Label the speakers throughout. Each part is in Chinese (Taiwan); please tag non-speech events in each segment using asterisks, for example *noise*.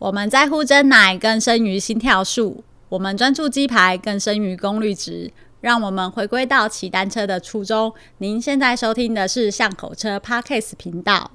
Speaker 1: 我們在乎真奶更勝於心跳數，我們專注雞排更勝於功率值，讓我們回歸到騎單車的初衷。您現在收聽的是巷口車 Podcast 頻道。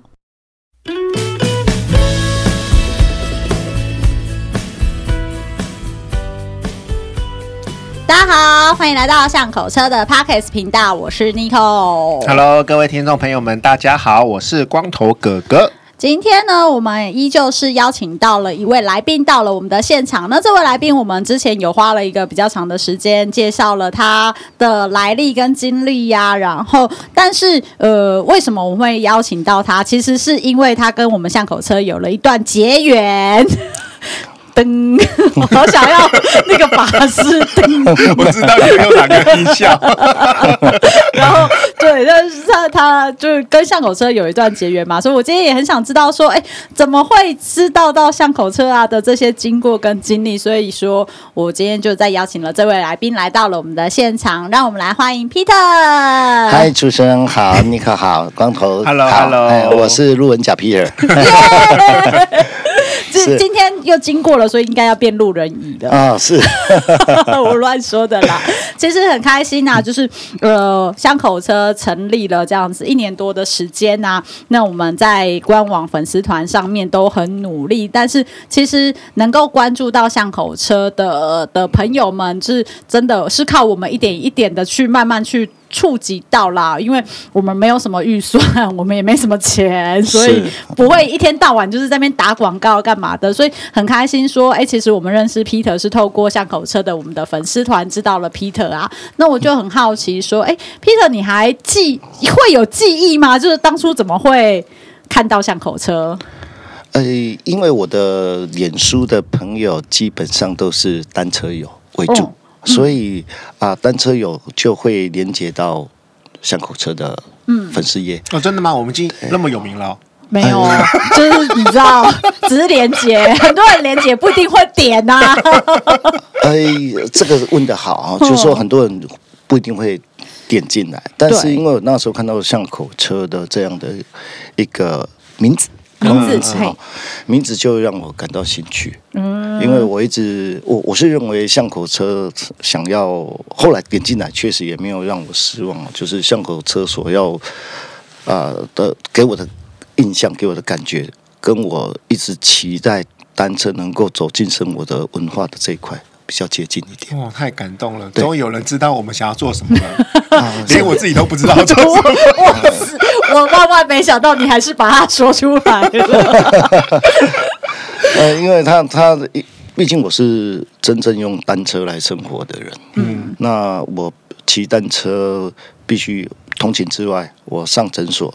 Speaker 1: 大家好，歡迎來到巷口車的 Podcast 頻道，我是妮可，Hello，
Speaker 2: 各位聽眾朋友們，大家好，我是光頭哥哥。
Speaker 1: 今天呢，我們也依舊是邀請到了一位來賓到了我們的現場。那這位來賓，我們之前有花了一個比較長的時間介紹了他的來歷跟經歷呀、啊。然後，但是呃，為什麼我們會邀請到他？其實是因為他跟我們巷口車有了一段結緣。 *laughs* 燈，我好想要那個法師燈，我知道你沒有打個音效，然後，對，那、就是、他他就跟巷口車有一段結緣嘛，所以，我今天也很想知道說，哎、欸，怎麼會知道到巷口車啊的這些經過跟經歷？所以說我今天就再邀請了這位來賓來到了我們的現場，讓我們來歡迎 Peter。嗨，
Speaker 3: 主持人好，妮可好，光頭 Hello Hello，哎、我是路人甲 Peter
Speaker 1: 今天又經過了，所以應該要變路人乙的啊！
Speaker 3: 是， *laughs* 我
Speaker 1: 亂說的啦。其實很開心啊，就是呃巷口車成立了這樣子一年多的時間啊。那我們在官網粉絲團上面都很努力，但是其實能夠關注到巷口車的的朋友們，是真的是靠我們一點一點的去慢慢去。觸及到啦，因為我們沒有什麼預算，我們也沒什麼錢，所以不會一天到晚就是在那邊打廣告幹嘛的，所以很開心說，誒，其實我們認識 Peter 是透過巷口車的我們的粉絲團知道了 Peter 啊。那我就很好奇說，哎，Peter 你還記會有記憶嗎？就是當初怎麼會看到巷口車？
Speaker 3: 呃，因為我的臉書的朋友基本上都是單車友為主。所以啊、嗯呃，單車友就會連接到巷口車的粉絲頁。嗯哦，真的嗎？我們已經那麼有名了？
Speaker 1: 啊，沒有、啊哎，就是你知道， *laughs* 只是連接，很多人連接不一定會點吶。啊，
Speaker 3: 哎，這個問得好。啊，就是說很多人不一定會點進來。哦，但是因為我那時候看到巷口車的這樣的一個名字。名、嗯、字、嗯，名字就讓我感到興趣。嗯，因為我一直，我我是認為巷口車想要後來引進來，確實也沒有讓我失望。就是巷口車所要啊、呃、的，給我的印象，給我的感覺，跟我一直期待單車能夠走進生活的文化的這一塊，要接近一點
Speaker 2: 哇、哦！太感動了，終於有人知道我們想要做什麼了，啊、連我自己都不知道做什麼。我
Speaker 1: 我萬萬沒想到，你還是把他說出來
Speaker 2: 了。呃，因為
Speaker 3: 他他畢竟我是真正用單車來生活的人，嗯，那我騎單車必須通勤之外，我上診所，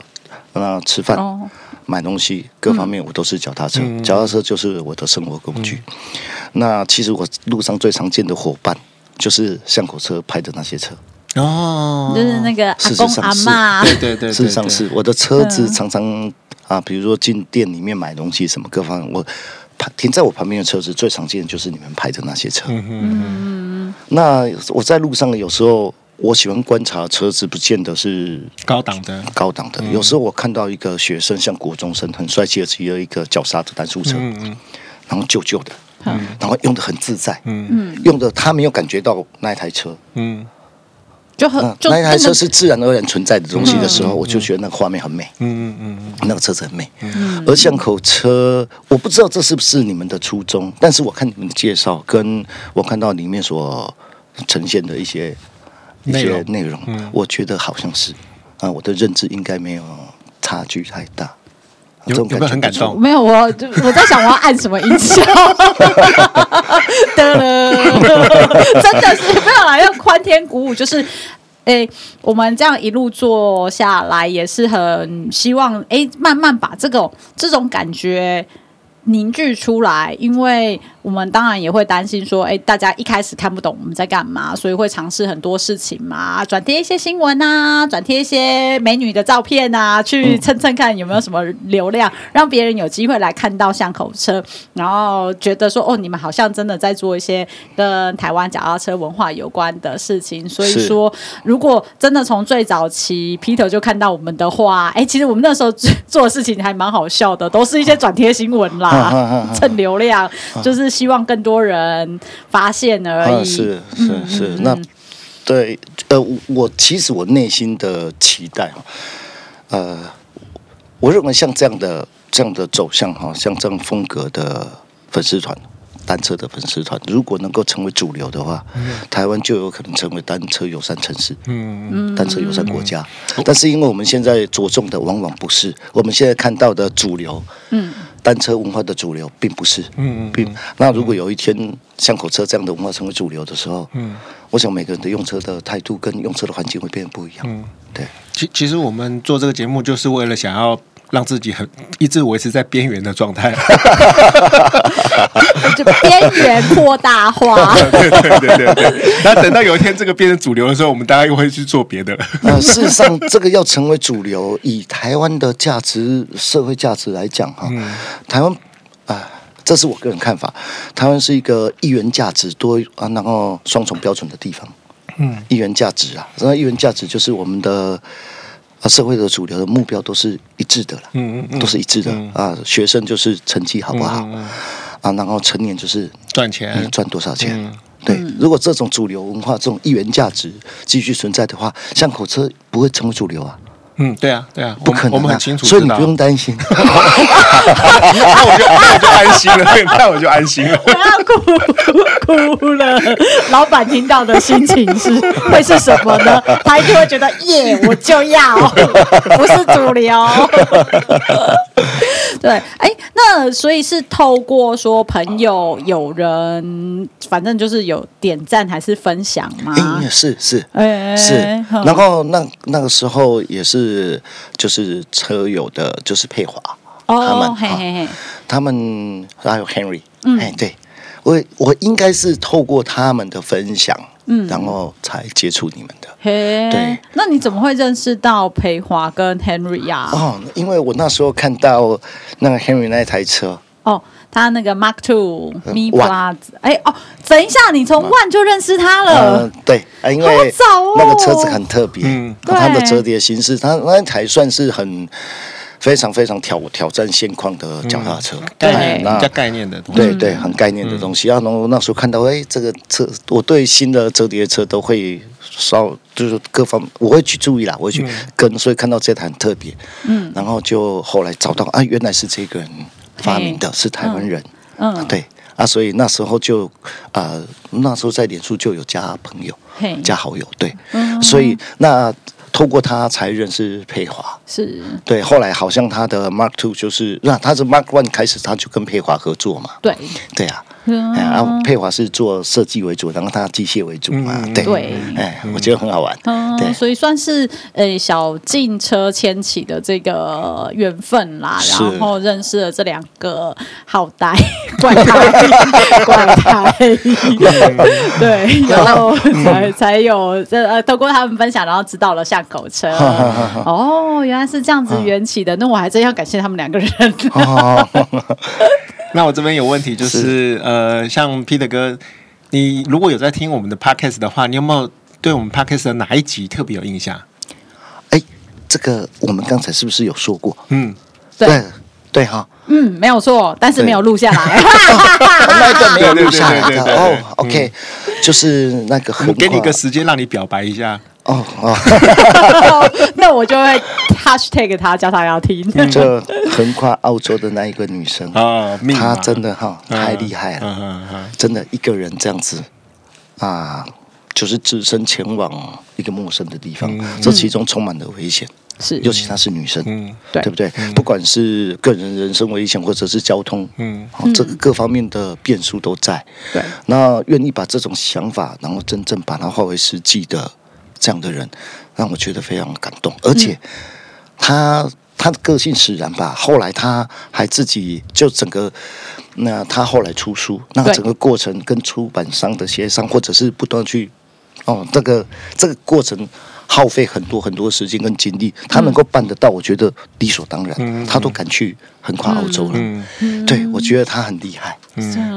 Speaker 3: 那吃飯。哦買東西各方面我都是腳踏車，腳踏車、嗯、就是我的生活工具。嗯、那其實我路上最常見的伙伴就是巷口車拍的那些車哦，就
Speaker 1: 是那個阿公阿媽，對對對，對
Speaker 3: 對對，事實上是我的車子常常、嗯、啊，比如說進店裡面買東西什麼各方面，我停在我旁邊的車子最常見的就是你們拍的那些車。嗯、那我在路上有時候。我喜歡觀察車子，不見得是
Speaker 2: 高檔的，
Speaker 3: 高檔的。嗯、有時候我看到一個學生，像國中生，很帥氣的騎了一個腳剎的單速車嗯嗯嗯，然後舊舊的，
Speaker 1: 嗯、
Speaker 3: 然後用的很自在，嗯，用的他沒有感覺到那一台車，嗯，
Speaker 1: 就、嗯、很、嗯、那一台車是
Speaker 3: 自然而然存在的東西的時候，嗯嗯嗯嗯我就覺得那個畫面很美，嗯嗯嗯、嗯、嗯，那個車子很美。嗯嗯嗯而巷口車，我不知道這是不是你們的初衷，但是我看你們的介紹，跟我看到裡面所呈現的一些。那些內容、嗯，我覺得好像是，啊、呃，我的認知應該沒有差距太大，有，這種感覺有，有，沒有很感動。
Speaker 1: 沒有，我就我在想我要按什麼音效。 *laughs* *laughs* *laughs*
Speaker 3: 噠噠真的
Speaker 1: 是非常來用寬天鼓舞，就是、欸，我們這樣一路做下來，也是很希望，哎、欸，慢慢把這種這種感覺凝聚出來，因為。我們當然也會擔心說，哎、欸，大家一開始看不懂我們在幹嘛，所以會嘗試很多事情嘛，轉貼一些新聞啊，轉貼一些美女的照片啊，去蹭蹭看有沒有什麼流量，嗯、讓別人有機會來看到巷口車，然後覺得說，哦，你們好像真的在做一些跟台灣腳踏車文化有關的事情。所以說，如果真的從最早期，Peter 就看到我們的話，哎、欸，其實我們那時候做的事情還蠻好笑的，都是一些轉貼新聞啦，蹭、啊啊啊嗯、流量，啊、就是。希望更多人發現而已。是、啊、是是，是是嗯、那
Speaker 3: 對呃，我我其實我內心的期待哈，呃，我認為像這樣的這樣的走向哈，像這樣風格的粉絲團，單車的粉絲團，如果能夠成為主流的話，嗯、台灣就有可能成為單車友善城市，嗯，單車友善國家。嗯、但是因為我們現在着重的往往不是我們現在看到的主流，嗯。單車文化的主流並不是，嗯嗯、嗯，嗯嗯、並那如果有一天巷口車這樣的文化成為主流的時候，嗯、嗯，我想每個人的用車的態度跟用車的環境會變得不一
Speaker 2: 樣，嗯、嗯，對其其實我們做這個節目就是為了想要。讓自己很一直維持在邊緣的狀態，
Speaker 1: 就邊緣擴大化。 *laughs* 對
Speaker 2: 對對對，對， *laughs* 那等到有一天這個變成主流的時候，我們大家又會去做別的、
Speaker 1: 呃。
Speaker 3: 事實上，這個要成為主流，以台灣的價值、社會價值來講，哈，台灣啊、呃，這是我個人看法。台灣是一個一元價值多啊，然後雙重標準的地方。嗯，一元價值啊，然後一元價值就是我們的。啊，社會的主流的目標都是一致的了，嗯，
Speaker 2: 嗯都是一致的、
Speaker 3: 嗯、啊。學生就是成績好不好、嗯嗯，啊，然後成年就是
Speaker 2: 賺錢，賺、嗯、多少錢、嗯？
Speaker 3: 對，如果這種主流文化這種一元價值繼續存在的話，巷口車不會成為主流啊。
Speaker 2: 嗯，對啊，對啊，不可能、啊，我們很清楚，真的啊、所以你不用擔心、啊。那我就那我就安心了，那我就安心
Speaker 1: 了。不、啊、要哭，哭了，老闆聽到的心情是 *laughs* 會是什麼呢？他一定會覺得 *laughs* 耶，我就要，不是主流。 *laughs* 對，哎，那所以是透過說朋友，有人，反正就是有點讚還是分享嗎？
Speaker 3: 是是是，然後那那個時候也是就是車友的，就是培華
Speaker 1: 他們，哦啊，嘿嘿嘿
Speaker 3: 他們還有 Henry，嗯，對我我應該是透過他們的分享。嗯、然後才接觸你們
Speaker 1: 的嘿。對，那你怎麼會認識到培華跟 Henry 呀？啊？
Speaker 3: 哦，因為我那時候看到那個 Henry 那台車
Speaker 1: 哦，他那個 Mark Two，嗯、ME PLUS、嗯。哎哦，等一下，你從 One 就認識他了？
Speaker 3: 嗯、對、呃，因為那個車子很特別，哦嗯、它的折疊形式，它那台算是很。非常非常挑挑戰現況的腳踏車，概、嗯、那概念的東西，對對，很概念的東西。嗯啊、然後那時候看到，哎、欸，這個車，我對新的折疊車都會稍就是各方，我會去注意啦，我會去跟，嗯、所以看到這台很特別。嗯，然後就後來找到啊，原來是這個人發明的，是台灣人嗯。嗯，對啊，所以那時候就啊、呃，那時候在臉書就有加朋友，加好友，對，嗯、所以那。透過他才認識培華，
Speaker 1: 是對，後來好像他
Speaker 3: 的 Mark Two 就是，那他是 Mark One 開始，他就跟培華合作嘛，對對啊，
Speaker 1: 然、嗯、後、
Speaker 3: 啊、培華是做設計為主，然後他機械為主嘛，對，嗯、對，哎、嗯欸，我覺得很好玩，嗯、
Speaker 1: 對、嗯，所以算是呃、欸、小進車牽起的這個緣分啦，然後認識了這兩個好呆怪胎，怪胎， *laughs* *laughs* 對，然後才才有這呃透過他們分享，然後知道了下個。狗車哦，原來是這樣子緣起的，那我還真要感謝他們兩個人。呵呵呵
Speaker 2: *laughs* 那我這邊有問題，就是，是呃，像 Peter 哥，你如果有在聽我們的 Podcast 的話，你有沒有對我們 Podcast 的哪一集特別有印象？哎，這個我們剛才是不是有說過？哦、嗯，對對哈、哦，嗯，
Speaker 1: 沒有錯，但是沒有錄下來，
Speaker 2: 哦、那
Speaker 3: 個沒有錄下來。哦、嗯、，OK，
Speaker 2: 就是那個，我給你個時間讓你表白一下。哦、
Speaker 1: oh, 哦、oh， *laughs* *laughs* *laughs* 那我就會 hashtag 他，叫他要聽。嗯、這
Speaker 3: 橫跨澳洲的那一個女生啊， *laughs* 她真的哈、哦啊、太厲害了，嗯嗯嗯、真的一個人這樣子啊，就是只身前往一個陌生的地方，嗯、這其中充滿了危險，是、嗯、尤其她是女生，嗯，對不對？嗯、不管是個人人身危險，或者是交通嗯、哦，嗯，這個各方面的變數都在、嗯。對，那願意把這種想法，然後真正把它化為實際的。這樣的人讓我覺得非常感動，而且、嗯、他他的個性使然吧。後來他還自己就整個那他後來出書，那個、整個過程跟出版商的協商，或者是不斷去哦，這個這個過程耗費很多很多時間跟精力。嗯、他能夠辦得到，我覺得理所當然，嗯嗯他都敢去橫跨歐洲了。嗯嗯對我覺得他很厲害，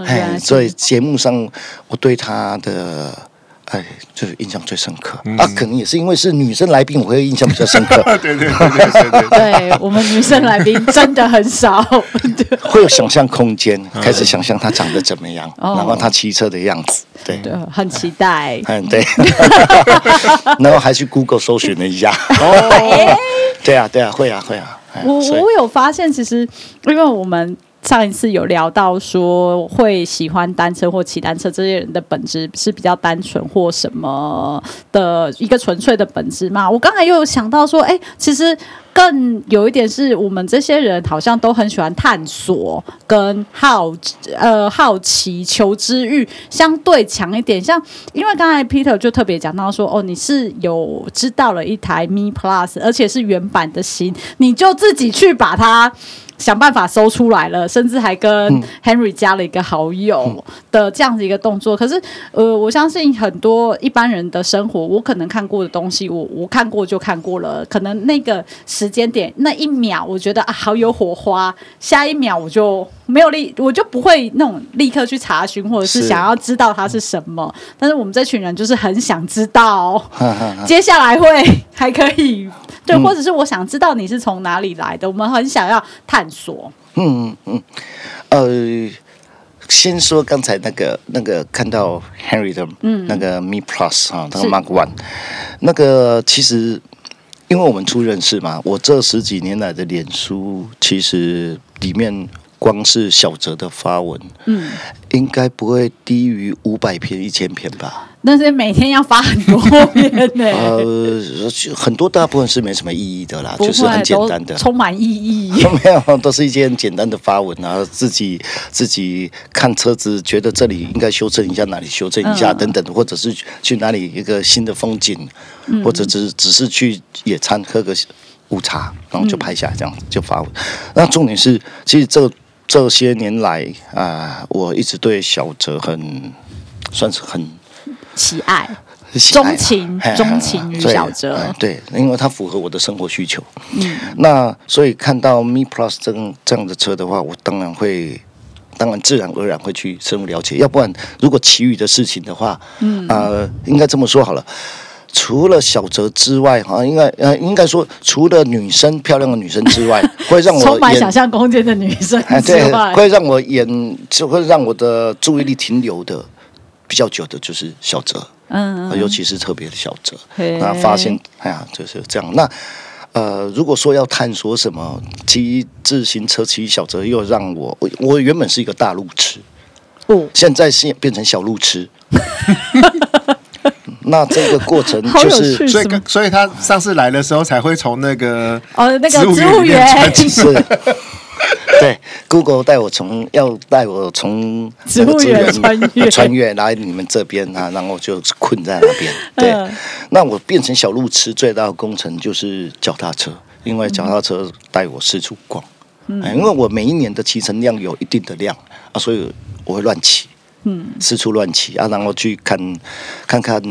Speaker 3: 哎、嗯，所以節目上我對他的。哎，就是印象最深刻。她、啊、可能也是因為是女生來賓，我會印象比較深刻。 *laughs* 對對對對 *laughs* 對，對
Speaker 1: 我們女生來賓真的很少。
Speaker 3: 會有想象空間，嗯、開始想象她長得怎麼樣，嗯、然後她騎車的樣子、哦對。對，
Speaker 1: 很期待。嗯，對。 *laughs*
Speaker 3: 然後還去 Google 搜尋了一下。哦、 *laughs* 啊。對啊，對啊，會啊，會啊。對
Speaker 1: 啊對啊我我有發現，其實因為我們。上一次有聊到說會喜歡單車或騎單車這些人的本質是比較單純或什麼的一個純粹的本質嘛？我剛才又有想到說，哎、欸，其實更有一點是我們這些人好像都很喜歡探索跟好呃好奇求知欲相對強一點。像因為剛才 Peter 就特別講到說，哦，你是有知道了一台 Me Plus，而且是原版的新，你就自己去把它。想辦法搜出來了，甚至還跟 Henry 加了一個好友的這樣子一個動作。嗯、可是，呃，我相信很多一般人的生活，我可能看過的東西，我我看過就看過了。可能那個時間點那一秒，我覺得啊好有火花，下一秒我就沒有立，我就不會那種立刻去查詢或者是想要知道它是什麼是、嗯。但是我們這群人就是很想知道，哈哈
Speaker 3: 哈哈接下
Speaker 1: 來會還可以。對，或者是我想知道你是從哪裡來的、嗯，我們很想要探索。嗯嗯，
Speaker 3: 呃，先說剛才那個那個看到 Henry 的，嗯，那個 Me Plus、嗯、啊，那個 Mark One，那個其實因為我們初認識嘛，我這十幾年來的臉書其實裡面。光是小折的發文，嗯，應該不會低於五百篇、一千篇吧？
Speaker 1: 但是每天要發很多
Speaker 3: 篇呢、欸。 *laughs* 呃，很多大部分是沒什麼意義的啦，就是很簡單的，充
Speaker 1: 滿意義 *laughs*
Speaker 3: 沒有，都是一些很簡單的發文，然後自己自己看車子，覺得這裡應該修正一下，哪裡修正一下、嗯、等等，或者是去哪裡一個新的風景，嗯、或者只是只是去野餐喝個午茶，然後就拍下這樣子、嗯、就發文。那重點是，其實這個。這些年來啊、呃，我一直對小折很，算是很喜愛，很喜愛、鍾情、嗯、鍾情於小折、呃。對，因為它符合我的生活需求。嗯，那所以看到 Me Plus 這樣這樣的車的話，我當然會，當然自然而然會去深入了解。要不然，如果其餘的事情的話，呃、嗯，呃，應該這麼說好了。除了小折之外，啊，應該呃，應該說，除了女生漂亮的女生之外，充 *laughs* 滿想象空間的女
Speaker 1: 生之外、呃、對會
Speaker 3: 讓我演，就會讓我的注意力停留的、嗯、比較久的，就是小折，嗯，尤其是特別的小折，那發現，哎、呃、呀，就是這樣。那呃，如果說要探索什麼騎自行車，騎小折，又讓我，我我原本是一個大路痴，不、嗯，現在是變成小路痴。 *laughs* *laughs* *laughs* 那這個過程就是，所以所以他上次來的時候才會從那個哦，那個植物園， *laughs* 對，Google 帶我從要帶我從植物園穿越、啊、穿越來你們這邊啊，然後就困在那邊。對、嗯，那我變成小路痴最大的工程就是腳踏車，因為腳踏車帶我四處逛、嗯欸，因為我每一年的騎乘量有一定的量啊，所以我會亂騎。嗯，四處亂騎啊，然後去看，看看，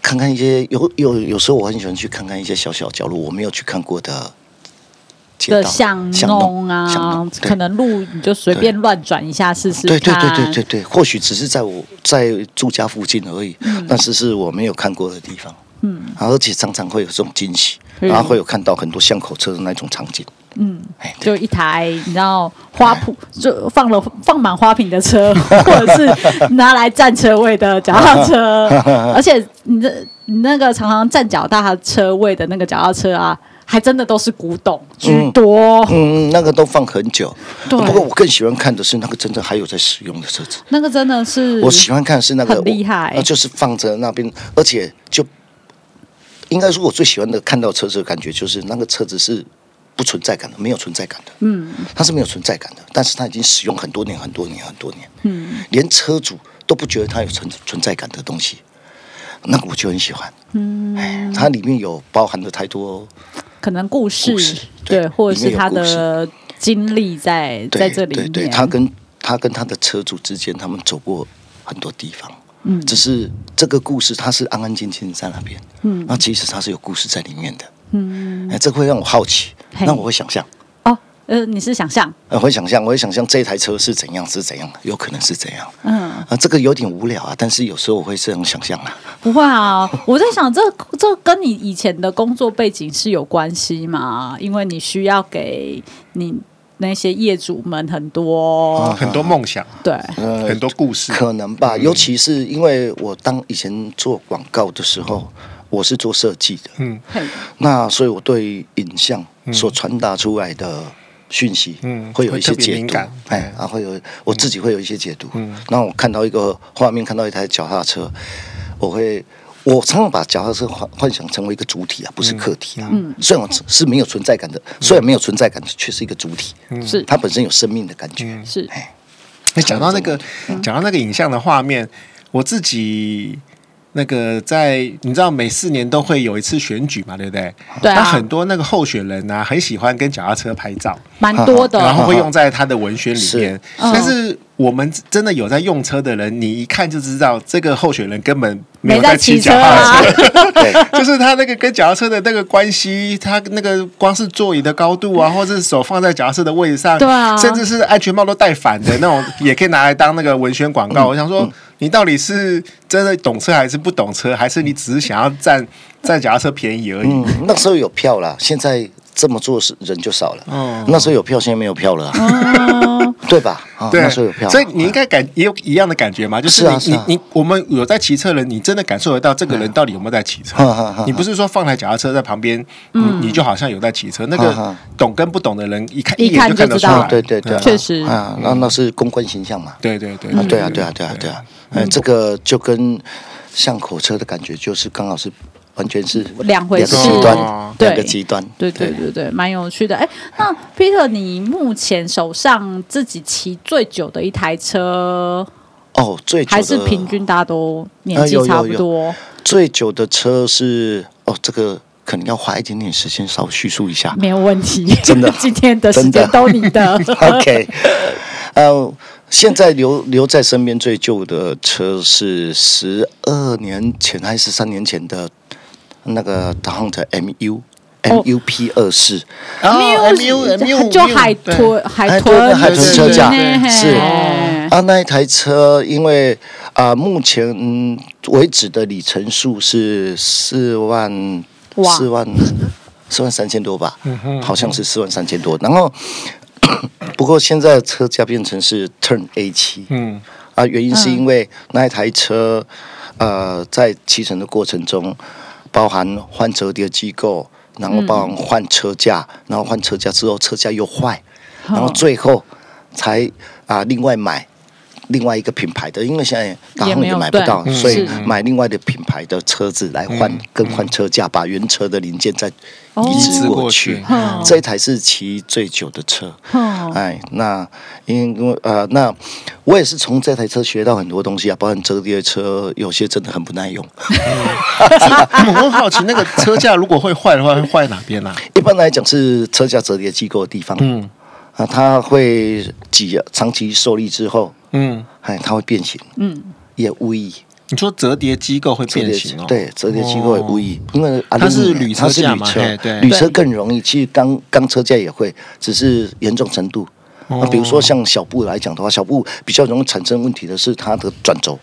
Speaker 3: 看看一些有有有時候我很喜歡去看看一些小小角落我沒有去看過的
Speaker 1: 街道，的巷弄、啊、巷弄啊，可能路你就隨便亂轉一下試試。對，試試，對對對對
Speaker 3: 對，或許只是在我在住家附近而已、嗯，但是是我沒有看過的地方。嗯，而且常常會有這種驚喜、嗯，然後會有看到很多巷口車的那種場景。
Speaker 1: 嗯，就一台你知道花圃，就放了放滿花瓶的車， *laughs* 或者是拿來占車位的腳踏車， *laughs* 而且你這你那個常常占腳踏車位的那個腳踏車啊，還真的都是古董居
Speaker 3: 多。嗯，嗯那個都放很久。對、啊。不過我更喜歡看的是那個真正還有在使用的車子。
Speaker 1: 那個真的是我喜歡看是那個很厲害，那
Speaker 3: 就是放在那邊，而且就應該說我最喜歡的看到車子的感覺就是那個車子是。不存在感的，沒有存在感的，嗯，他是沒有存在感的，但是他已經使用很多年、很多年、很多年，
Speaker 1: 嗯，
Speaker 3: 連車主都不覺得他有存存在感的東西，那個、我就很喜歡，嗯，它裡面有包含的太多，可
Speaker 1: 能故事，故事對，對，或者是他的經歷在在這裡。對，對，對，他
Speaker 3: 跟他跟他的車主之間，他們走過很多地方，嗯，只是這個故事，他是安安靜靜在那邊，嗯，那其實他是有故事在裡面的。嗯，哎，這會讓我好奇，那我會想象
Speaker 1: 哦，呃，你是想象，
Speaker 3: 我、呃、會想象，我會想象這台車是怎樣，是怎樣，有可能是怎樣，嗯，啊、呃，這個有點無聊啊，但是有時候我會這樣想象啊，
Speaker 1: 不會啊，我在想， *laughs* 這這跟你以前的工作背景是有關係嘛，因為你需要給你那些業主們很多很多
Speaker 2: 夢
Speaker 3: 想，對、啊呃，很多故事，可能吧，尤其是因為我當以前做廣告的時候。嗯我是做設計的，嗯，那所以我對影像所傳達出來的訊息，嗯，會有一些解讀，哎，啊、欸，然後會有、嗯、我自己會有一些解讀，嗯，那我看到一個畫面，看到一台腳踏車，我會，我常常把腳踏車幻幻想成為一個主體啊、嗯，不是客體啊，嗯，雖然我是沒有存在感的，嗯、雖然沒有存在感，卻是一個主體，是、嗯、它本身有生命的感覺，嗯嗯、是
Speaker 2: 哎，那、欸、講到那個，講、嗯、到那個影像的畫面，我自己。那個在你知道，每四年都會有一次選舉嘛，對不對？對、啊。那很多那個候選人呢、啊，很喜歡跟腳踏車拍照，蠻多的，然後會用在他的文宣裡面。是但是我們真的有在用車的人、哦，你一看就知道這個候選人根本沒有在騎腳踏車，車啊、 *laughs* 對 *laughs* 就是他那個跟腳踏車的那個關係，他那個光是座椅的高度啊，或者是手放在腳踏車的位置上，對、啊，甚至是安全帽都戴反的那種， *laughs* 也可以拿來當那個文宣廣告。嗯、我想說。嗯你到底是真的懂車還是不懂車，還是你只是想要占占腳踏車便宜而已？嗯、那時候有票了，現在這麼做是人就少了。嗯，那時候有票，現在沒有票了、啊啊，對吧、哦？對，那時候有票，所以你應該感、嗯、也有一樣的感覺嘛，就是你是、啊是啊、你，你我們有在騎車的人，你真的感受得到這個人到底有沒有在騎車、嗯？你不是說放台腳踏車在旁邊、
Speaker 3: 嗯，你
Speaker 2: 就好像有在騎車、嗯。那個懂跟不懂的人一、嗯，一看，就看到一看就出來。對對對，確實啊，那那是公關形
Speaker 3: 象嘛，嗯、對對對，對，對，對，對，對、嗯，對啊對啊對啊對啊。對啊對啊對啊。嗯，這個就跟巷口車的感覺，就是剛好是完全是兩,兩回事，兩個極端，對，兩個極端，對，對，對,對，
Speaker 1: 對,對，蠻有趣的。哎，那 Peter，你目前手上自己騎最久的一台車，
Speaker 3: 哦，最久的還是平
Speaker 1: 均大家都年紀差不多，呃、有有有
Speaker 3: 最久的車是哦，這個可能要花一點點時間，稍微敘述一下，沒
Speaker 1: 有問題，真的， *laughs* 今天的時間都你的,的 *laughs* ，OK，呃。
Speaker 3: 現在留留在身邊最舊的車是十二年前還是三年前的，那個大行的 MU MUP 二四
Speaker 1: mu 就海豚海豚車架是，對是、
Speaker 3: 哦、啊那一台車因為啊、呃、目前為止的里程數是四萬四萬四萬三千多吧，嗯、好像是四萬三千多、嗯，然後。 *laughs* 不過現在車架變成是 Turn A 七、嗯，嗯啊，原因是因為那一台車，呃，在騎乘的過程中，包含換折疊機構，然後幫我們換車架，然後換車架之後車架又壞，
Speaker 1: 然後最
Speaker 3: 後才啊、呃、另外買。另外一個品牌的，因為現在大紅也買不到，所以買另外的品牌的車子來換、嗯、更換車架、嗯，把原車的零件再移植過去。哦、這一台是騎最久的車，嗯、哎，那因為呃，那我也是從這台車學到很多東西啊，包括折疊車有些真的很不耐用。
Speaker 2: 我、嗯、 *laughs* 很好奇， *laughs* 那個車架如果會壞的話，會壞哪邊呢、啊？
Speaker 3: 一般來講是車架折疊機構的地方，嗯，啊，它會擠長期受力之後。嗯，哎，它會變形。嗯，也無疑。
Speaker 2: 你說折疊機構會變形對、喔，折疊機構
Speaker 3: 也無疑、哦，因為它是鋁車它是嘛，對對。鋁車更容易，其實鋼鋼車架也會，只是嚴重程度。那、哦啊、比如說像小布來講的話，小布比較容易產生問題的是它的轉軸，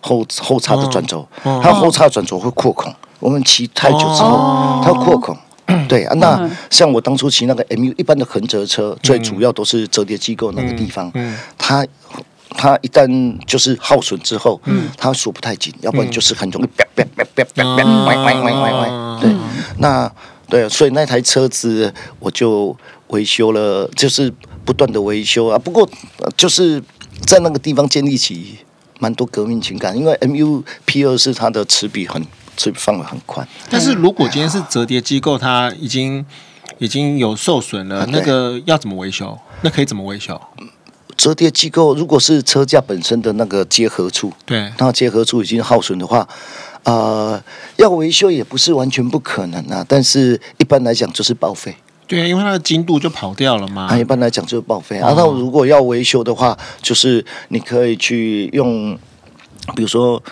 Speaker 3: 後後叉的轉軸、哦，它後叉轉軸會擴孔、哦。我們騎太久之後，哦、它會擴孔。嗯、對啊，那像我當初騎那個 MU 一般的橫折車，最主要都是折疊機構那個地方，嗯嗯嗯、它它一旦就是耗損之後，嗯、它鎖不太緊、嗯，要不然就是很容易、嗯嗯。對，那對，所以那台車子我就維修了，就是不斷的維修啊。不過就是在那個地方建立起蠻多革命情感，因為 MU P 二是它的齒比很。所以放的很寬，
Speaker 2: 但是如果今天是折疊機構，哎、它已經已經有受損了、啊，那個要怎麼維修？那可以怎麼維修？
Speaker 3: 折疊機構如果是車架本身的那個結合處，對，那結合處已經耗損的話，呃，要維修也不是完全不可能啊，但是一般來講就是報廢。
Speaker 2: 對啊，因為它的精度就跑掉了嘛。啊、一
Speaker 3: 般來講就是報廢啊。那、嗯啊、如果要維修的話，就是你可以去用，比如說。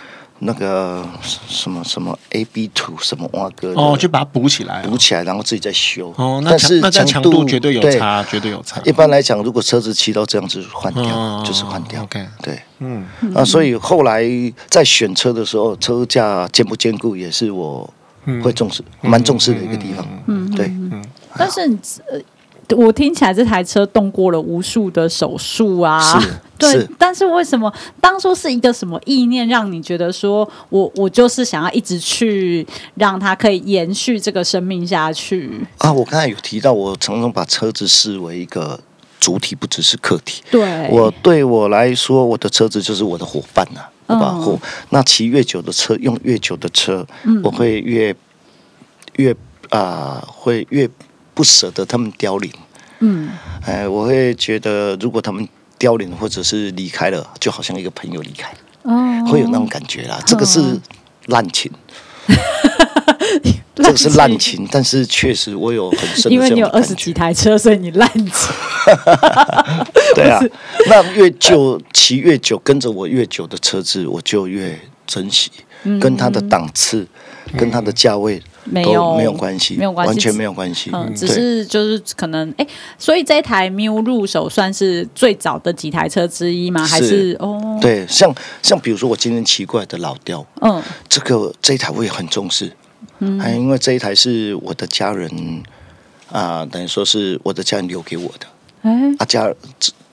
Speaker 3: 那個什麼什麼 A B 2什麼哇哥哦，就把它補起來，哦，補起來，然後自己再修。哦，那強那強度絕對有差，對，絕對有
Speaker 2: 差。一般
Speaker 3: 來講，嗯，如果車子騎到這樣子換掉，嗯，就是換掉。OK，嗯、
Speaker 2: 對，
Speaker 1: 嗯，那、啊、所以
Speaker 3: 後來在選車的時候，車架堅不堅固也是我會重視、蠻、嗯、重視的一個地方。嗯，嗯嗯對嗯嗯，
Speaker 1: 嗯，但是、呃我聽起來這台車動過了無數的手術啊，對，但是為什麼當初是一個什麼意念讓你覺得說我我就是想要一直去讓它可以延續這個生命下去
Speaker 3: 啊？我剛才有提到，我常常把車子視為一個主體，不只是客體。對我對我來說，我的車子就是我的夥伴吶、啊，保、嗯、護、哦。那騎越久的車，用越久的車，嗯、我會越越啊、呃，會越。不捨得他們凋零，嗯，哎，我會覺得如果他們凋零或者是離開了，就好像一個朋友離開了，哦，會有那種感覺啦。這個是濫情，這個是濫情， *laughs* 情，情，但是確實我有很深的，的。因為你有二十
Speaker 1: 幾台車，所以你濫情。
Speaker 3: *laughs* 對啊，那越舊騎越久，跟着我越久的車子，我就越珍惜，嗯、跟它的檔次。跟它的價位沒有沒有關係，沒有關係，完全沒有關係。嗯，只是
Speaker 1: 就是可能哎，所以這一台 Mu 入手算是最早的幾台車之一嗎？是還是哦，對，
Speaker 3: 像像比如說我今天騎過來的老雕嗯，這個這一台我也很重視，嗯，哎、因為這一台是我的家人啊、呃，等於說是我的家人留給我的，哎，阿、啊、家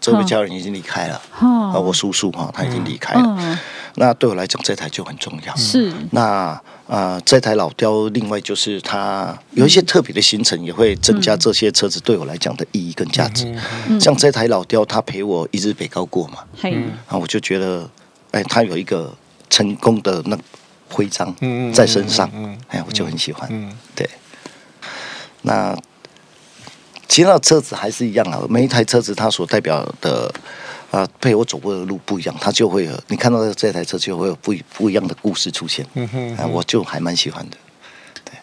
Speaker 3: 這位家人已經離開了，哦、啊，我叔叔哈他已經離開了、哦，那對我來講這台就很重要。是，那啊、呃、這台老雕，另外就是它有一些特別的行程，也會增加這些車子對我來講的意義跟價值。嗯嗯嗯、像這台老雕，它陪我一日北高過嘛，啊、嗯，我就覺得哎，它有一個成功的那徽章在身上，嗯嗯嗯嗯、哎，我就很喜歡。嗯，嗯對，那。其實那車子還是一樣啊，每一台車子它所代表的，呃陪我走過的路不一樣，它就會有，你看到的這台車就會有不不一樣的故事出現。嗯哼，哼，啊，我就還蠻喜歡的。對，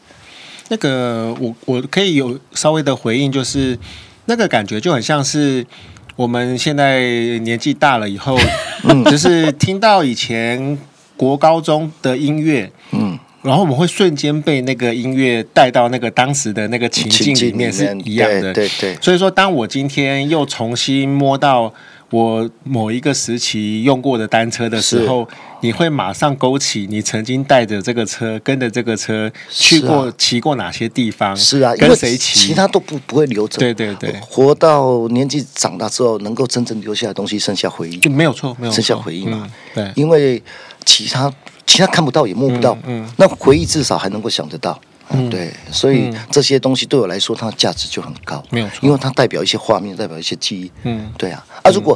Speaker 2: 那個我我可以有稍微的回應，就是那個感覺就很像是我們現在年紀大了以後，嗯，就是聽到以前國高中的音樂，嗯。嗯然後我們會瞬間被那個音樂帶到那個當時的那個情境裡面是一樣的，
Speaker 3: 對對，對。
Speaker 2: 所以說，當我今天又重新摸到我某一個時期用過的單車的時候，你會馬上勾起你曾經帶着這個車、跟着這個車、啊、去過騎過哪些地方？是啊，跟誰騎？其他
Speaker 3: 都不不會留着。對對對，對活到年紀長大之後，能夠真正留下的東西，剩下回憶就沒有錯，沒有錯，剩下回憶嘛、嗯。對，因為其他。其他看不到也摸不到，嗯，嗯，那回憶至少還能夠想得到，嗯，嗯，對，所以這些東西對我來說它的價值就很高，沒有錯，因為它代表一些畫面，代表一些記憶，嗯，對啊，啊，嗯、如果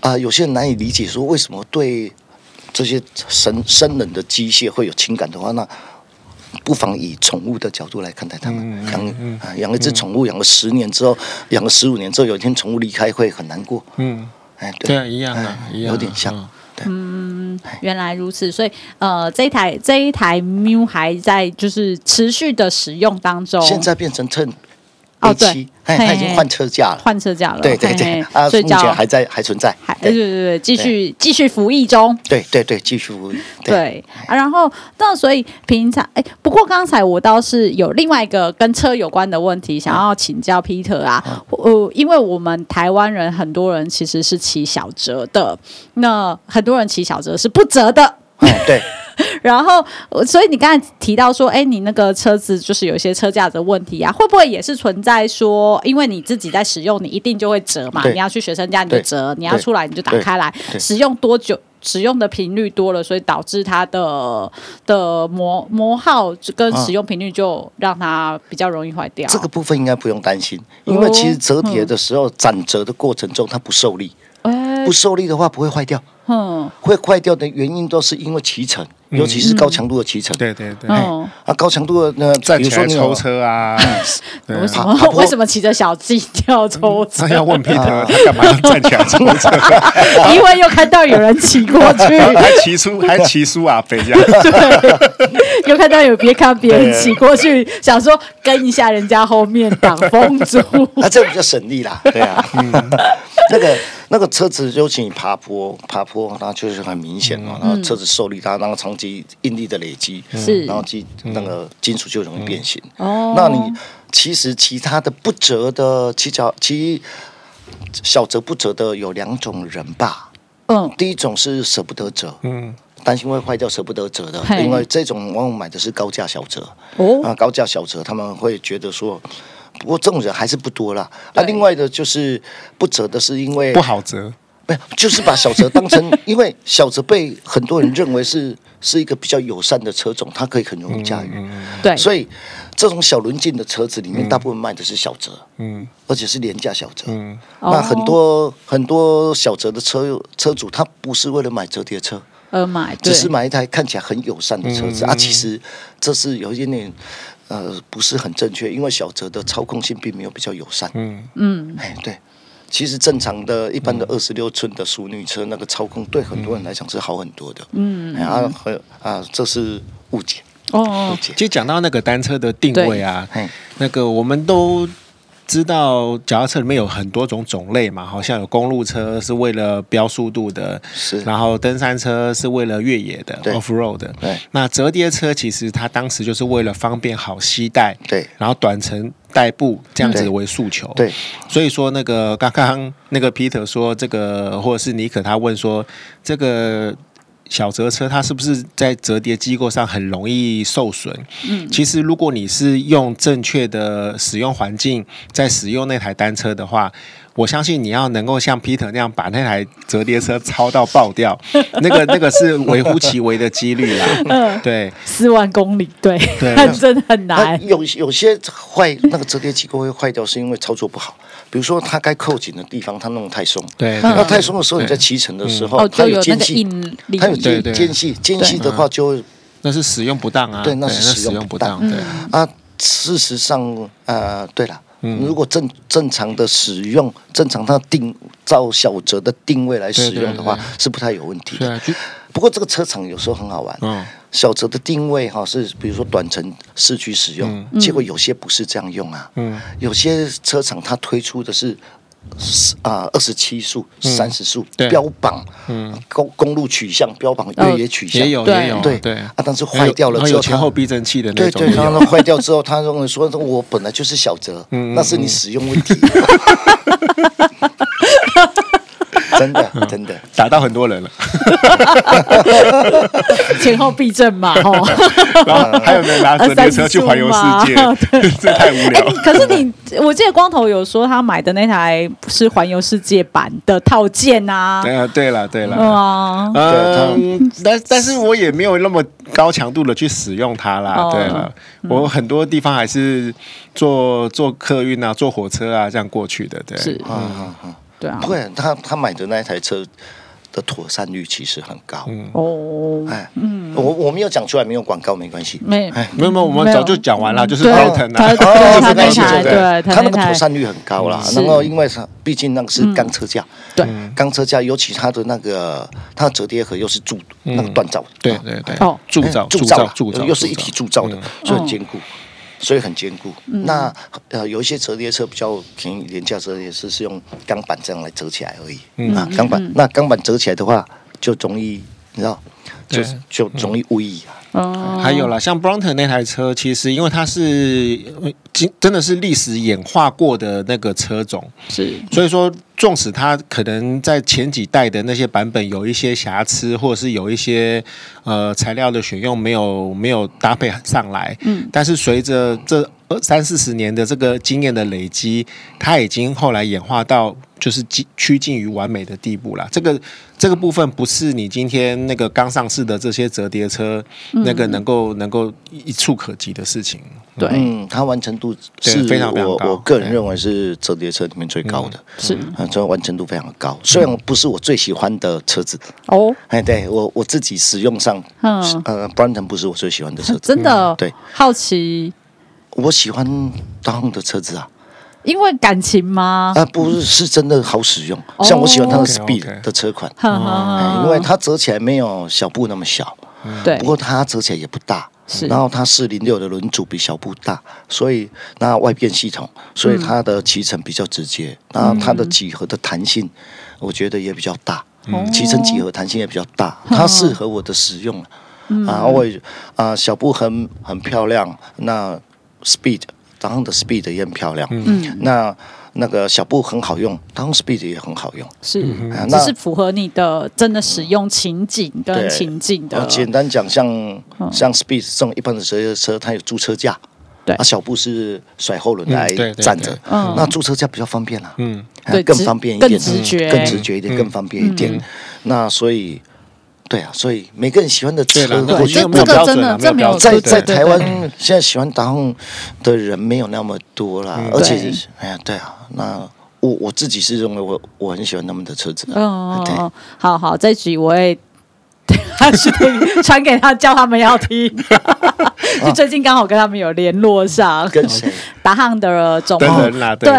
Speaker 3: 啊、呃、有些人難以理解說為什麼對這些生生冷的機械會有情感的話，那不妨以寵物的角度來看待它們，嗯嗯嗯、養啊養了一只寵物，養了十年之後、嗯，養了十五年之後，有一天寵物離開會很難過，嗯，
Speaker 2: 哎，對，對啊，一樣啊、
Speaker 3: 哎，一樣啊，有點像。嗯
Speaker 1: 嗯，原來如此，所以呃，這一台這一台 miu 還在就是持續的使用當中，現
Speaker 3: 在變成 turn。
Speaker 1: 哦、oh，對，他已經換車架了，換車架了，對對對，啊，所以目前還
Speaker 3: 在還存在，對對
Speaker 1: 對對，繼續繼續服役中，
Speaker 3: 對對對，繼續服役，
Speaker 1: 對，對啊，然後那所以平常，哎、欸，不過剛才我倒是有另外一個跟車有關的問題，嗯、想要請教 Peter 啊，我、嗯呃、因為我們台灣人很多人其實是騎小折的，那很多人騎小折是不折的，嗯、對。 *laughs* *laughs* 然後，所以你剛才提到說，哎，你那個車子就是有些車架的問題啊，會不會也是存在說，因為你自己在使用，你一定就會折嘛？你要去學生家你就折，你要出來你就打開來，使用多久，使用的頻率多了，所以導致它的的磨磨耗跟使用頻率就讓它比較容易壞掉。這個
Speaker 3: 部分應該不用擔心，因為其實折疊的時候、哦嗯、展折的過程中它不受力，
Speaker 1: 哎、不
Speaker 3: 受力的話不會壞掉。嗯，會壞掉的原因都是因為騎乘、嗯，尤其是高強度的騎乘、嗯。對對對、哦，啊，高強度的呢，站車啊、比如說抽車啊，為什麼為什
Speaker 1: 麼騎着小折要抽車？嗯、那要問 Peter 他、啊、他幹嘛要站起來抽車、啊？因為又看到有人騎過去，啊、還騎出還騎
Speaker 2: 出阿飛啊？北家對
Speaker 1: 啊，又看到有別看別人騎過去，想說跟一下人家後面擋風阻，
Speaker 3: 那、啊、這比較省力啦。對啊，嗯、啊那個那個車子尤其你爬坡爬坡。那就是很明顯了、嗯。然後車子受力，它那個長期應力的累積、嗯，是然後金那個金屬就容易變形。哦、
Speaker 1: 嗯嗯，那你
Speaker 3: 其實其他的不折的，其實其小折不折的有兩種人吧。嗯，第一種是捨不得折，
Speaker 2: 嗯，
Speaker 3: 擔心會壞掉捨不得折的，因為這種往往買的是高價小折。哦，那、啊、高價小折他們會覺得說，不過這種人還是不多了。那、啊、另外的就是不折的是因為不好折。 *laughs* 就是把小折當成，因為小折被很多人認為是是一個比較友善的車種，它可以很容易駕馭、嗯嗯。對，所以這種小輪徑的車子裡面、嗯，大部分賣的是小折，
Speaker 2: 嗯，
Speaker 3: 而且是廉價小折、嗯。那很多、哦、很多小折的車車主，他不是為了買折疊車
Speaker 1: 而買，只是買
Speaker 3: 一台看起來很友善的車子、嗯嗯、啊。其實這是有一點點呃不是很正確，因為小折的操控性並沒有比較友善。嗯嗯，哎對。其實正常的、一般的二十六寸的淑女車，那個操
Speaker 2: 控對很多人來講是好很多的。嗯，啊，和啊，這是誤解。哦，誤解，其實講到那個單車的定位啊，那個我們都知道，腳踏車裡面有很多種種類嘛，好像有公路車是為了飆速度的，是，然後登山車是為了越野的，off road 的。對，那折疊車其實它當時就是為了方便、好攜帶，對，然後短程。代步這樣子為訴求，對，所以說那個剛剛那個 Peter 說這個，或者是妮可他問說這個小折車它是不是在摺疊機構上很容易受損？嗯，其實如果你是用正確的使用環境在使用那台單車的話。我相信你要能夠像 Peter 那樣把那台折疊車操到爆掉， *laughs* 那個那個是微乎其微的幾率啦、啊。嗯、 *laughs* 呃，對，
Speaker 1: 四萬公里，對，對那真的
Speaker 3: 很難。啊、有有些壞那個折疊機構會壞掉，是因為操作不好。 *laughs* 比如說，它該扣緊的地方，它弄太鬆對。對，那太鬆的時候，你在騎乘的時候，它、嗯、有間隙，它有間間隙，間隙的話就對
Speaker 2: 那是使用不
Speaker 3: 當啊。對，那是使用不當。對當、嗯、啊，事實上，呃，對了。嗯、如果正正常的使用，正常它定照小折的定位來使用的話，對對對對是不太有問題的。啊、不過這個車廠有時候很好玩，哦、小折的定位哈、哦、是比如說短程市區使用、嗯，結果有些不是這樣用啊，嗯、有些車廠它推出的是。啊，二十七速、三十速、嗯，標榜嗯，公公路取向，標榜越野取向，也有也有，對有對。啊，但是壞掉了之後，後前後
Speaker 2: 避震器的對對。然後壞
Speaker 3: 掉之後，他說，我本來就是小折， *laughs* 那是你使用問題。嗯嗯嗯 *laughs* *laughs*
Speaker 2: 真的真的、嗯、打到很多人了， *laughs* 前後避震嘛。哦 *laughs* 呵呵，然 *laughs* 後
Speaker 1: 還沒有人拿着列車去環遊世界， *laughs* 對 *laughs* 這太無聊了，欸。 *laughs* 可是你，我記得光頭有說他買的那台是環遊世界版的套件啊。對
Speaker 2: 啊，對了，對了、嗯啊，嗯，但、嗯、但是我也沒有那麼高強度的去使用它啦。嗯、對了，我很多地方還是坐坐客運啊，坐火車啊這樣過去的。對，是，嗯嗯
Speaker 3: 對不、啊、他他買的那一台車的妥善率其實很高。哦、嗯，哎嗯，我我們沒有講出來，沒有廣告沒關係，沒、嗯、沒沒，我們早就講
Speaker 2: 完了，嗯、就是高層啊，對，他那個妥善率很高了，然後因
Speaker 3: 為是畢竟那個是鋼車架，對，鋼車架尤其它的那個它的折疊盒又是鑄、嗯、那個鍛造，對
Speaker 2: 對對，鑄造鑄造又是一體
Speaker 3: 鑄造的，所以很堅固。所以很堅固。嗯、那呃，有一些折疊車比較便宜廉價，折疊車是是用鋼板這樣來折起來而已。嗯，鋼板，那鋼板折起來的話就容易，你知道。Okay，就是就容易無意啊，
Speaker 2: 還有啦，像 Brompton 那台車，其實因為它是真真的是歷史演化過的那個車種，是所以說，縱使它可能在前幾代的那些版本有一些瑕疵，或者是有一些呃材料的選用沒有沒有搭配上來，嗯，但是隨着這三四十年的這個經驗的累積，它已經後來演化到就是趨近於完美的地步了。這個這個部分不是你今天那個剛。上市的這些摺疊車，嗯，那個能夠，嗯、能夠一觸可及的事情，對，嗯，嗯，它完成度，是我非常，非常高。我
Speaker 3: 個人認為是摺疊車裡面最高的，嗯，是啊，呃，所以完成度非常高。雖然不是我最喜歡的車子，哦，哎，對我我自己使用上，
Speaker 1: 嗯，
Speaker 3: 呃，Brandon 不是我最喜歡的車子，嗯，真的，對，好奇，我喜歡 Dahon 的車子啊。
Speaker 1: 因為感情嗎？啊，不
Speaker 3: 是真的好使用。像我喜歡它的 Speed 的車款，因為它折起來沒有小布那麼小，
Speaker 1: 對。
Speaker 3: 不過它折起來也不大，是。然後它四零六的輪組比小布大，所以那外變系統，所以它的騎乘比較直接。那它，它的幾何的彈性，我覺得也比較大，騎乘幾何彈性也比較大，它適合我的使用。啊，我啊小布很很漂亮，那 Speed。當的 speed 也很漂亮，嗯，那那個小布很好用，當 speed 也很好用，
Speaker 1: 是，那、啊、是符合你的真的使用情景跟情景的。的、嗯哦。簡
Speaker 3: 單講，像像 speed 這種一般的折車，它有駐車架，對、嗯，啊，小布是甩後輪來站着、嗯嗯，那駐車架比較方便啊，嗯，對、啊，更方便一點，更直覺、嗯，更直覺一點，更方便一點，嗯嗯嗯、那所以。對啊，所以每個人喜歡的車，我覺得這個真的，這沒有在在台灣現在喜歡達鴻的人沒有那麼多啦，嗯、而且哎、就、呀、是啊，對啊，那我我自己是認為我我很喜歡他們的車子。
Speaker 1: 哦、嗯，好好，這一集我也傳給他，叫他們要聽。 *laughs* *laughs* 就最近剛好跟他們有聯絡上，跟誰？Okay. 達漢的總，對對對、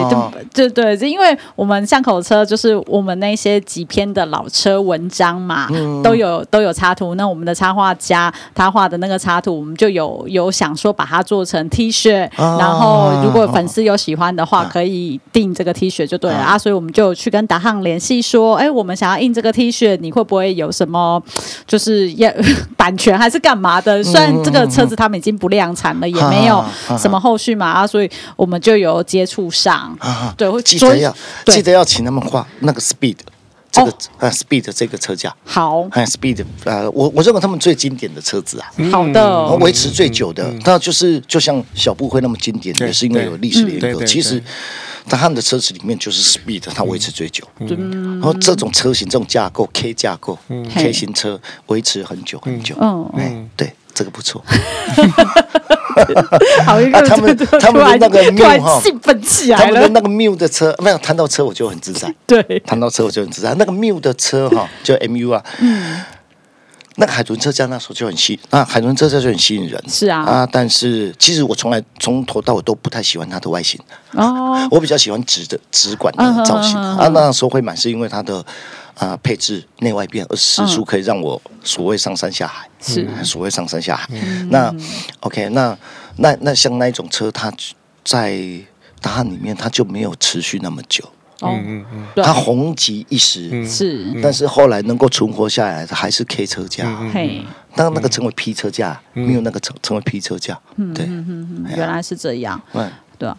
Speaker 1: 哦、對就對，因為我們巷口車就是我們那些幾篇的老車文章嘛，嗯、都有都有插圖。那我們的插畫家他畫的那個插圖，我們就有有想說把它做成 T 恤、哦，然後如果粉絲有喜歡的話，啊、可以訂這個 T 恤就對了啊，啊。所以我們就去跟達漢聯繫說，哎、欸，我們想要印這個 T 恤，你會不會有什麼就是要 *laughs* 版權還是幹嘛的？雖然這個車子他們已經不量產了，也沒有什麼。後續嘛啊，所以我們就有接觸上，對，啊、記得要
Speaker 3: 記得要請他們畫那個 Speed，這個、哦、啊 Speed 這個車架，好，Speed 啊，speed, 呃、我我認為他們最經典的車子啊，好的、哦，維持最久的，那、嗯嗯、就是就像小布會那麼經典，也是因為有歷史連結、嗯。其實，在他們的車子裡面，就是 Speed，它維持最久、嗯，
Speaker 1: 然後
Speaker 3: 這種車型這種架構 K 架構、嗯、K 型車維持很久、嗯、很久，嗯嗯對。這個不錯、 *laughs* *laughs* 啊，他們他們的那個 MU 哈，
Speaker 1: 他們的那
Speaker 3: 個 MU 的，的車，沒有談到車我就很自在，對，談到車我就很自在。那個、MU、的車哈，就 MU 啊， *laughs* 那個海豚車在那時候就很吸，啊、海豚車就很吸引人，是啊，啊，但是其實我從來從頭到尾都不太喜歡它的外形，哦、啊，我比較喜歡直的直管的造型，啊，啊，啊，啊，啊，那時候會買是因為它的。啊，配置內外變而時速可以讓我所謂上，、嗯、上山下海。是所謂上山下海。那、嗯、OK，那那那像那一種車，它在答案裡面它就沒有持續那麼久。嗯嗯嗯，它紅極一時、嗯、是，但是後來能夠存活下來的還是 K 車架。嘿、嗯，但那個成為 P 車架、嗯，沒有那個成稱為 P 車架、嗯。
Speaker 1: 對、嗯嗯嗯嗯，原來是這樣。對、嗯，對，、啊嗯對，啊嗯對啊、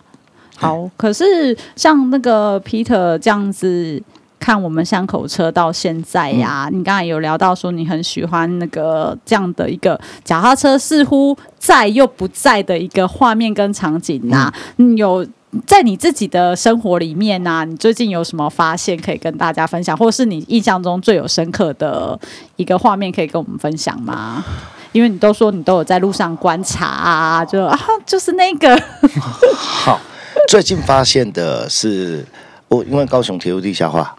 Speaker 1: 好、嗯，可是像那個 Peter 這樣子。看我們巷口車到現在呀、啊嗯，你剛才有聊到說你很喜歡那個這樣的一個腳踏車似乎在又不在的一個畫面跟場景吶、啊，嗯、有在你自己的生活裡面呢、啊？你最近有什麼發現可以跟大家分享，或者是你印象中最有深刻的一個畫面可以跟我們分享嗎？因為你都說你都有在路上觀察、啊，就啊就是那個 *laughs* ，
Speaker 3: 好，最近發現的是我、哦、因為高雄鐵路地下化。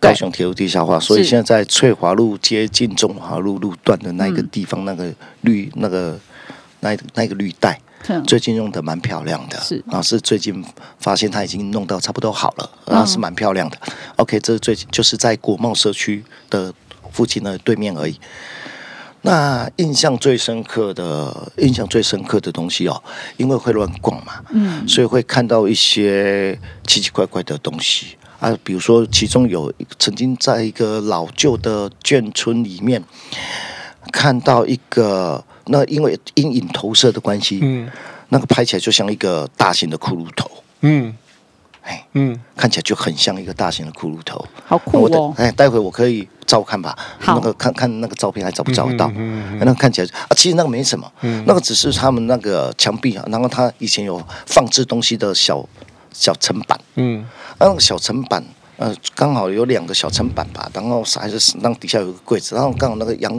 Speaker 3: 高雄鐵路地下化，所以現在，在翠華路接近中華路路段的那個地方，嗯、那個綠那個那那個綠帶、嗯，最近用的蠻漂亮的。是，啊，是最近發現他已經弄到差不多好了，然後是蠻漂亮的、嗯。OK，這是最近就是在國貿社區的附近的對面而已。那印象最深刻的，印象最深刻的東西哦，因為會亂逛嘛，嗯，所以會看到一些奇奇怪怪的東西。啊，比如說，其中有一個曾經在一個老舊的眷村裡面，看到一個那因為陰影投射的關係，
Speaker 2: 嗯、
Speaker 3: 那個拍起來就像一個大型的骷髏頭，
Speaker 2: 嗯，哎，嗯，
Speaker 3: 看起來就很像一個大型的骷髏頭，
Speaker 2: 好酷哦！哎、
Speaker 3: 嗯，待會我可以照看吧，那個看看那個照片還找不找得到？嗯嗯嗯啊、那個、看起來啊，其實那個沒什麼、嗯，那個只是他們那個牆壁，然後他以前有放置東西的小小層板，嗯。然、啊、後小層板，呃，剛好有兩個小層板吧。然後啥是？那底下有一個櫃子。然後剛好那個陽，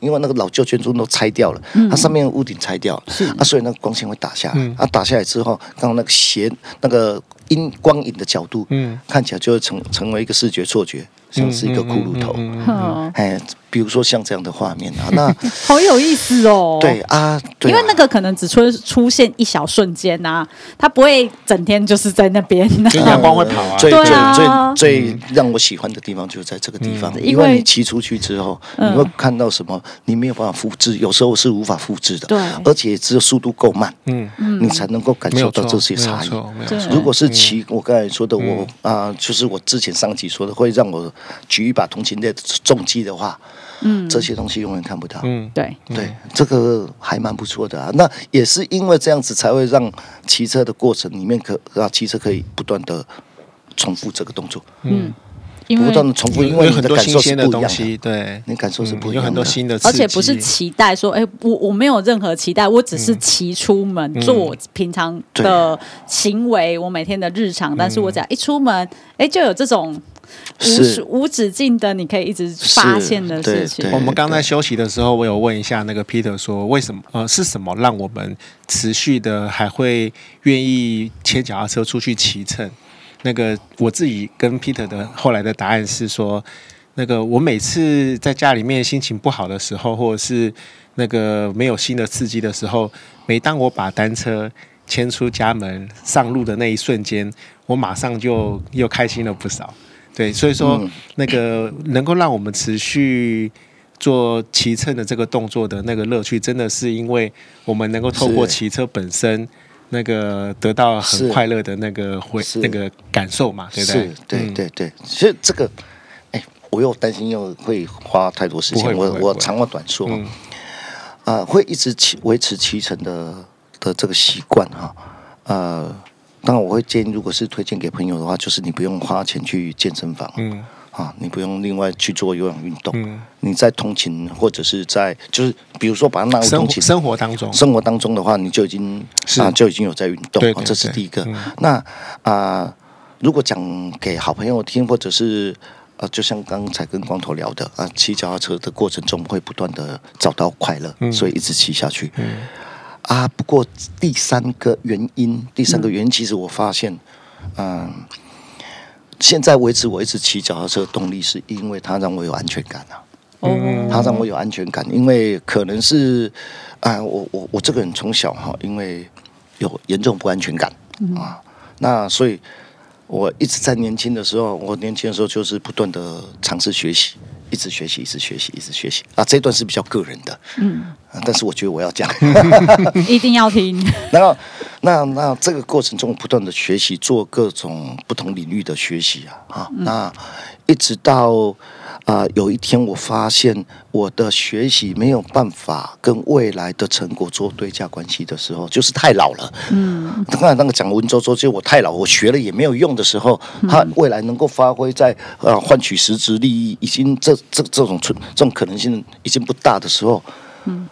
Speaker 3: 因為那個老舊建築都拆掉了，嗯、它上面有屋頂拆掉，啊，所以那個光線會打下來。它、嗯啊、打下來之後，剛好那個斜，那個陰光影的角度，嗯、看起來就會成成為一個視覺錯覺，像是一個骷髏頭。哎、嗯。嗯嗯嗯嗯嗯嗯比如說像這樣的畫面啊，那
Speaker 1: *laughs* 好有意思哦。對
Speaker 3: 啊對，因為那
Speaker 1: 個可能只出出現一小瞬間啊，他不會整天就是在那邊。因為陽光會跑啊，啊 *laughs* 最嗯、對啊、嗯。最
Speaker 3: 讓我喜歡的地方就是在這個地方，嗯、因，為因為你騎出去之後、嗯，你會看到什麼？你沒有辦法複製，有時候是無法複製的。對，而且只有速度夠慢，嗯嗯，你才能夠感受到這些差異。錯。如果是騎、嗯、我剛才說的，我啊、呃，就是我之前上集說的，會讓我舉一把同情的重擊的話。嗯，這些東西永遠看不到。嗯，對嗯對，這個還蠻不錯的啊。那也是因為這樣子才會讓騎車的過程裡面可啊，騎車可以不斷的重複這個動作。嗯，不斷的重複，因為很多新鮮的東西，
Speaker 2: 對，你感受是不一樣的。很多，的的樣的、嗯、很多新的，而且不是期
Speaker 1: 待說，哎、欸，我我沒有任何期待，我只是騎出門、嗯、做我平常的行為、嗯，我每天的日常。但是我只要一出門，哎、欸，就有這種。無是無止境的，你可以一直發現的事情。我們剛在
Speaker 2: 休息的時候，我有問一下那個 Peter 說，為什麼呃，是什麼讓我們持續的還會願意牽腳踏車出去騎乘？那個我自己跟 Peter 的後來的答案是說，那個我每次在家裡面心情不好的時候，或者是那個沒有新的刺激的時候，每當我把單車牽出家門上路的那一瞬間，我馬上就又開心了不少。對，所以說那個能夠讓我們持續做騎乘的這個動作的那個樂趣，真的是因為我們能夠透過騎車本身那個得到了很快樂的那個回那個感受嘛，對不對？對
Speaker 3: 對對，所以這個，哎、欸，我又擔心又會花太多時間，我我長話短說，啊、嗯呃，會一直騎維持騎乘的的這個習慣哈，呃。當然我會建議，如果是推薦給朋友的話，就是你不用花錢去健身房，嗯，啊，你不用另外去做有氧運動，嗯，你在通勤或者是在，就是比如說把它納入生活當中，生活當中的話，你就已經啊就已經有在運動，對，對，對，啊，這是第一個。對對對嗯、那啊，如果講給好朋友的聽，或者是，啊、就像剛才跟光頭聊的，啊，騎腳踏車的過程中會不斷的找到快樂，嗯，所以一直騎下去。嗯嗯啊，不過第三個原因，第三個原因，其實我發現，嗯，現在為止我一直騎腳踏車的動力，是因為它讓我有安全感啊。嗯，它讓我有安全感，因為可能是，啊，我我我這個人從小哈，因為有嚴重不安全感、嗯、啊，那所以，我一直在年輕的時候，我年輕的時候就是不斷的嘗試學習。一直學習，一直學習，一直學習啊！這段是比較個人的，嗯，啊、但是我覺得我要講， *laughs*
Speaker 1: *laughs* 一定要聽。
Speaker 3: 那那那這個過程中不斷的學習，做各種不同領域的學習啊啊、嗯！那一直到。啊、呃，有一天我發現我的學習沒有辦法跟未來的成果做對價關係的時候，就是太老了。嗯，剛才那個講溫州說，就我太老，我學了也沒有用的時候，他未來能夠發揮在呃換取實質利益，已經這這這種這種可能性已經不大的時候，嗯，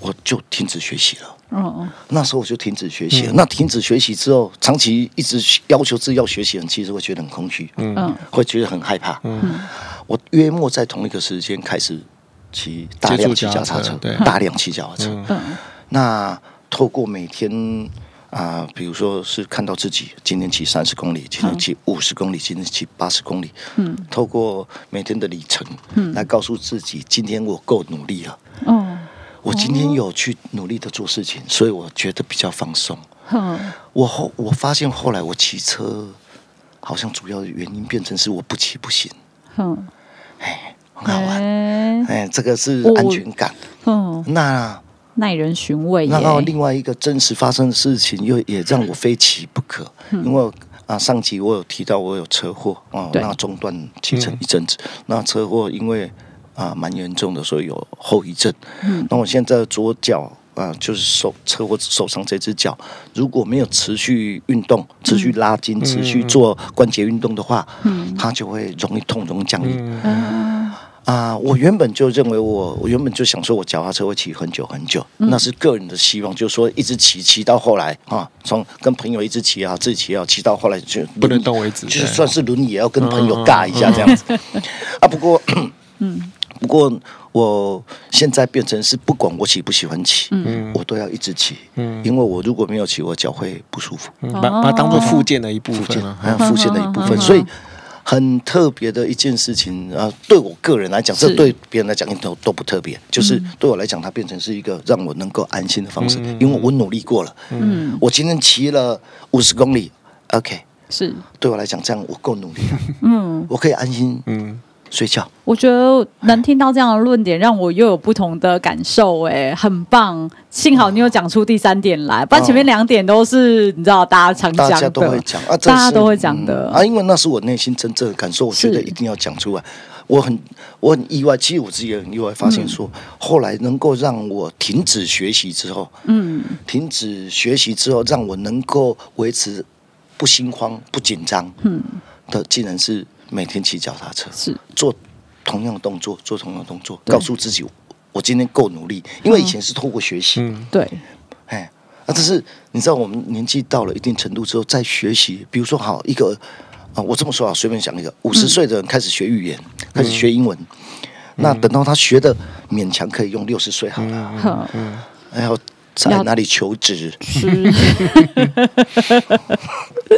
Speaker 3: 我就停止學習了。嗯嗯，那時候我就停止學習了，嗯。那停止學習之後，長期一直要求自己要學習，其實會覺得很空虛，嗯，會覺得很害怕。嗯，我約莫在同一個時間開始騎大量騎腳踏車，腳踏車，對，大量騎腳踏車。嗯，那透過每天啊、呃，比如說是看到自己今天騎三十公里，今天騎五十公里，今天騎八十公里，嗯，透過每天的里程來告訴自己，嗯，來告訴自己今天我夠努力了。嗯。我今天有去努力的做事情，哦、所以我覺得比較放鬆。我後我發現後來我騎車，好像主要的原因變成是我不騎不行。
Speaker 1: 嗯，哎，很好玩。
Speaker 3: 哎、欸，這個是安全感。嗯、
Speaker 1: 哦，那耐人尋味。那然後另
Speaker 3: 外一個真實發生的事情，又也讓我非騎不可。因為啊，上集我有提到我有車禍哦，那中斷騎乘一陣子、嗯。那車禍因為。啊，蠻嚴重的，所以有後遺症。嗯，那我現在左腳啊，就是受車禍受傷這隻腳，如果沒有持續運動、持續拉筋、嗯、持續做關節運動的話，嗯，它就會容易痛、容易僵硬、嗯啊。啊，我原本就認為我，我原本就想說，我腳踏車會騎很久很久、嗯，那是個人的希望，就是說一直騎騎到後來啊，從跟朋友一直騎啊，自己騎啊，騎到後來就不能動為止，就是算是輪椅也要跟朋友尬一下、嗯、這樣子、嗯。啊，不過，嗯。不過我現在變成是不管我喜不喜歡騎，嗯，我都要一直騎，嗯，因為我如果沒有騎，我腳會不舒服，嗯、把把它當做復健的一部分，復健的一部分，所以很特別的一件事情啊，對我個人來講，這對別人來講都都不特別，就是對我來講，它變成是一個讓我能夠安心的方式、嗯，因為我努力過了，嗯，我今天騎了五十公里、嗯、，OK，是對我來講，這樣我夠努力了，嗯，我可以安心，嗯。睡覺，
Speaker 1: 我覺得能聽到這樣的論點，讓我又有不同的感受、欸，哎，很棒！幸好你有講出第三點來，不然前面兩點都是、哦、你知道大家常講的，大家都會講啊，大家都會講的、嗯、啊，
Speaker 3: 因為那是我內心真正的感受，我覺得一定要講出來。我很我很意外，其實我自己也很意外，發現說、嗯、後來能夠讓我停止學習之後，嗯，停止學習之後，讓我能夠維持不心慌不緊張，嗯，的竟然是。每天騎腳踏車，是做同樣的動作，做同樣的動作，告訴自己我，我今天夠努力、嗯，因為以前是透過學習，對、嗯，哎，啊，這是你知道，我們年紀到了一定程度之後，在學習，比如說好一個啊，我這麼說啊，隨便講一個，五十歲的人開始學語言，嗯、開始學英文、嗯，那等到他學的勉強可以用六十歲好了、啊，然、嗯、要、嗯哎、在哪裡求職？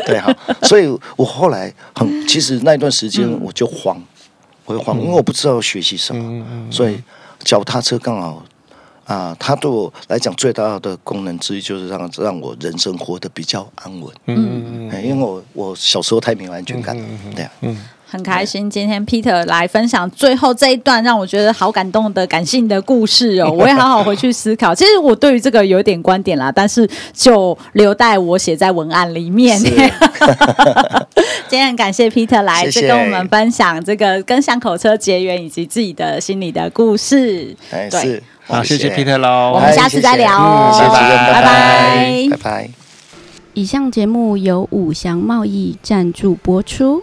Speaker 3: *laughs* 對啊，所以我後來很，其實那一段時間我就慌，嗯、我會慌、嗯，因為我不知道學習什麼，嗯、所以腳踏車剛好啊、呃，它對我來講最大的功能之一就是讓讓我人生活得比較安穩，嗯，嗯，因為我我小時候太沒有安全感了、嗯，對啊嗯。嗯
Speaker 1: 很開心今天 Peter 來分享最後這一段讓我覺得好感動的感性的故事哦，我也好好回去思考。其實我對於這個有點觀點啦，但是就留待我寫在文案裡面。 *laughs* 今天很感謝 Peter 來謝謝跟我們分享這個跟巷口車結緣以及自己的心裡的故事。對，謝
Speaker 2: 謝好，謝謝 Peter 嘍，我們下次再聊拜、哦、拜、哎嗯，拜拜，拜
Speaker 1: 拜。以上節目由五祥貿易贊助播出。